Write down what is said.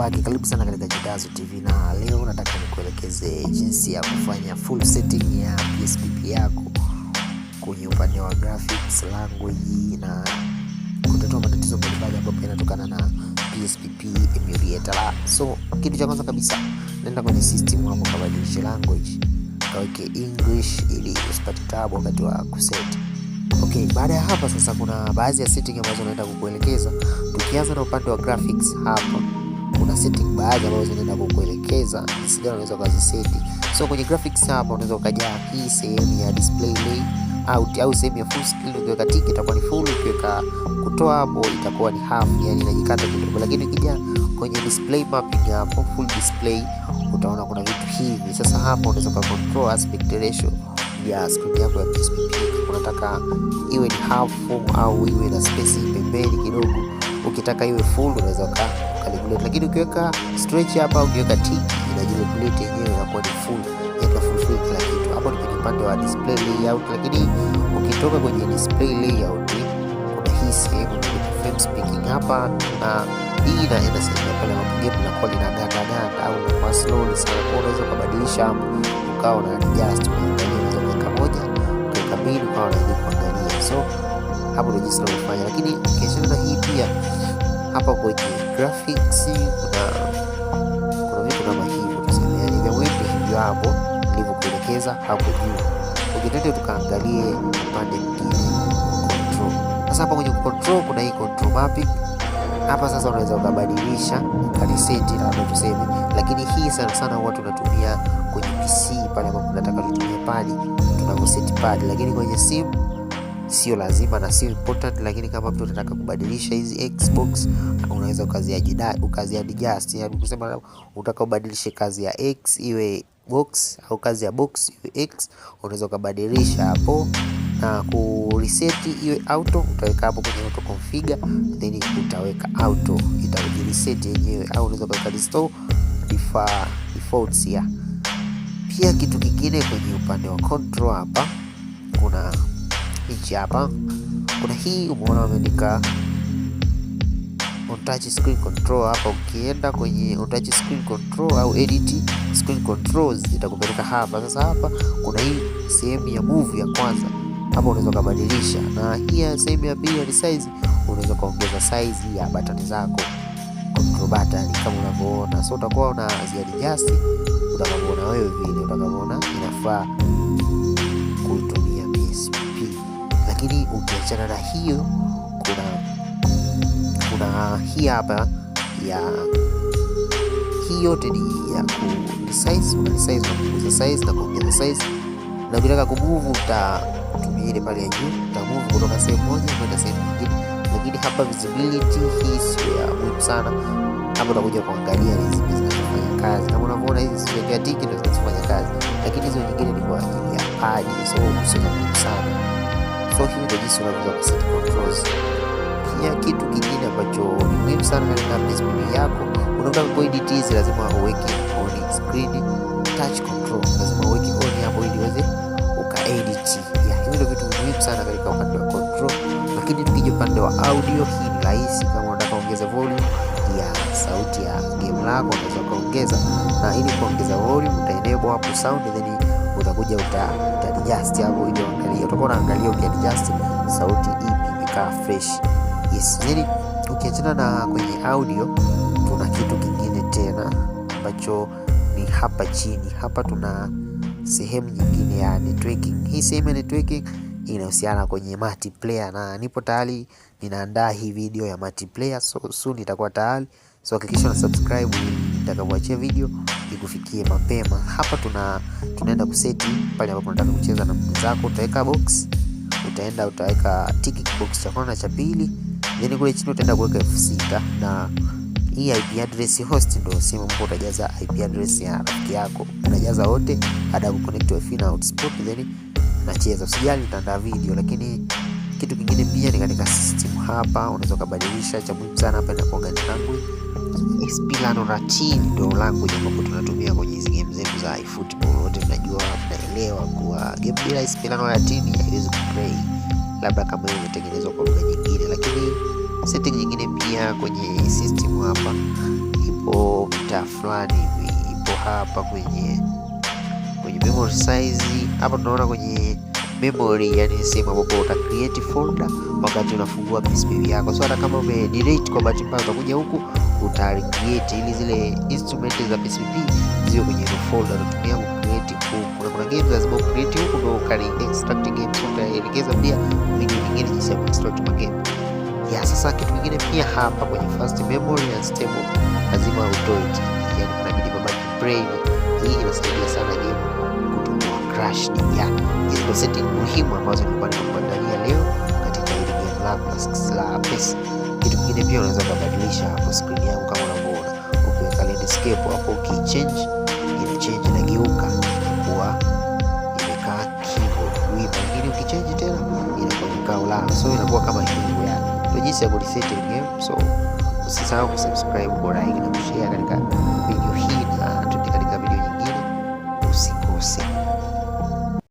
And then karibu sana katika Chidazo TV, na leo nataka nikuelekeze jinsi ya kufanya full setting ya PSPP yako kwenye upande wa graphics, language na kutatua matatizo mbalimbali ambayo yanatokana na PSPP emulator la. So kitu cha kwanza kabisa, nenda kwenye system yako, kabadilisha language, kaweke English ili usipate tabu wakati wa kuset. Okay, baada ya hapa sasa, kuna baadhi ya setting ambazo naenda kukuelekeza. Tukianza na upande wa graphics, hapa kuna setting baadhi ambazo zinaenda kukuelekeza jinsi gani unaweza ukaziseti. So kwenye graphics hapa unaweza ukaja hii sehemu ya display layer out au sehemu ya full screen, ukiweka tiki itakuwa ni full, ukiweka kutoa hapo itakuwa ni half, yani inajikata kidogo, lakini ukija kwenye display mapping hapo full display utaona kuna vitu hivi. Sasa hapo unaweza ku control aspect ratio ya screen yako ya PSP. Unataka iwe ni half au iwe na space pembeni kidogo, ukitaka iwe full unaweza ka calculate, lakini ukiweka stretch hapa, ukiweka tiki inajiregulate yenyewe inakuwa ni full upande wa display layout, lakini ukitoka kwenye display layout kuna hii sehemu ya frame speaking hapa, na hii na inasaidia pale ambapo game linakuwa linagandaganda au kwa slow sana, kwa unaweza kubadilisha ukawa na adjust kuangalia moja kuweka mbili, ukawa unaweza kuangalia. So hapo ndio jinsi unavyofanya, lakini kesho na hii pia hapa kwenye graphics kuna kuna vitu kama hivyo, tusemeaje, vya wengi hivyo hapo kuelekeza hapo juu. Ukitete tukaangalie upande mwingine control. Sasa hapa kwenye control kuna hii control mapping. Hapa sasa unaweza ukabadilisha ukaliseti ama tuseme, lakini hii sana sana huwa tunatumia kwenye PC pale ambapo tunataka tutumie padi, set pad, lakini kwenye simu sio lazima na sio important, lakini kama mtu anataka kubadilisha hizi Xbox unaweza ukaziadjust, yani kusema unataka ubadilishe kazi ya X iwe box au kazi ya box iwe x, unaweza ukabadilisha hapo na ku reset iwe auto. Utaweka hapo kwenye auto configure, then utaweka auto, reset yenyewe, au unaweza kuweka restore defaults ya. Pia kitu kingine kwenye upande wa control hapa kuna hichi hapa, kuna hii umeona wameandika on screen control. Hapa ukienda kwenye on screen control au edit screen controls itakupeleka hapa. Sasa hapa kuna hii sehemu ya move ya kwanza, hapa unaweza kubadilisha, na hii sehemu ya pili ya size, unaweza kuongeza size ya button zako control button kama unavyoona. So utakuwa una ziadjust utakavyoona wewe vile utakavyoona inafaa kuitumia PSP, lakini ukiachana na hiyo kuna hii hapa ya hii yote ni ya ku size, kuna size na kupunguza size na kuongeza size, na ukitaka kumove utatumia ile pale ya juu, uta move kutoka sehemu moja kwenda sehemu nyingine. Lakini hapa visibility hii sio ya muhimu sana, hapa utakuja kuangalia hizi zinafanya kazi, kama unavyoona hizi zimekuwa tiki ndio zinafanya kazi, lakini hizo nyingine ni kwa ajili ya pad, so sio muhimu sana. So hivi ndio jinsi unaweza kuset controls kufanya kitu kingine ambacho ni muhimu sana katika PSPB yako. Unataka kuiditize, lazima uweke on screen touch control, lazima uweke on hapo ili uweze ukaedit. Hivi ndio vitu muhimu sana katika upande wa control. Lakini tukija upande wa audio, hii ni rahisi. Kama unataka kuongeza volume ya sauti ya game lako, unaweza kuongeza, na ili kuongeza volume uta hapo sound, then utakuja uta adjust hapo, ili uangalie, utakuwa unaangalia ukiadjust sauti ipi ikaa fresh yes. Yani ukiachana na kwenye audio, tuna kitu kingine tena ambacho ni hapa chini. Hapa tuna sehemu nyingine ya networking. Hii sehemu ya networking inahusiana kwenye multiplayer, na nipo tayari ninaandaa hii video ya multiplayer, so soon itakuwa tayari. So hakikisha una subscribe nitakapoachia video ikufikie mapema. Hapa tuna tunaenda kuseti pale ambapo unataka kucheza na mwenzako, utaweka box, utaenda utaweka tick box cha kwanza na cha pili Then yaani kule chini utaenda kuweka elfu sita na hii IP address host ndio simu mko, utajaza IP address ya rafiki yako, unajaza wote baada kuconnect wifi na hotspot, then unacheza. Usijali, nitaanda video. Lakini kitu kingine pia ni katika system hapa, unaweza kubadilisha. Cha muhimu sana hapa inakuwa ni language XP lano ratini, ndio language ambayo tunatumia kwenye hizo game zetu za iFootball. Wote tunajua tunaelewa kuwa game bila XP lano ratini haiwezi kuplay, labda kama imetengenezwa kwa Setting nyingine pia kwenye system hapa ipo ta fulani ipo hapa kwenye kwenye memory size hapa tunaona kwenye memory, yani sehemu ambapo uta create folder wakati unafungua PSP yako. So hata kama ume delete kwa bahati mbaya, utakuja huku uta create ili zile instrument za PSP ziwe kwenye ile folder unatumia ku create huku. Kuna games lazima ku create huku ndio ukali extract games, utaelekeza pia video nyingine jinsi ya extract game ya sasa. Kitu kingine pia hapa kwenye fast memory and stable lazima utoe TD, yani inabidi babaki brain. Hii inasaidia sana game kutokuwa crash ya hizo ndo setting muhimu ambazo nilikuwa nimekuandalia leo katika ile game la la slaps Kitu kingine pia unaweza kubadilisha hapo screen yako kama unavyoona, ukiweka landscape hapo ki change ile change na geuka kuwa imekaa keyboard wewe lakini ukichange tena inakuwa kikao la so inakuwa kama hivi jinsi ya kureset game. So usisahau kusubscribe, kulike na kushare katika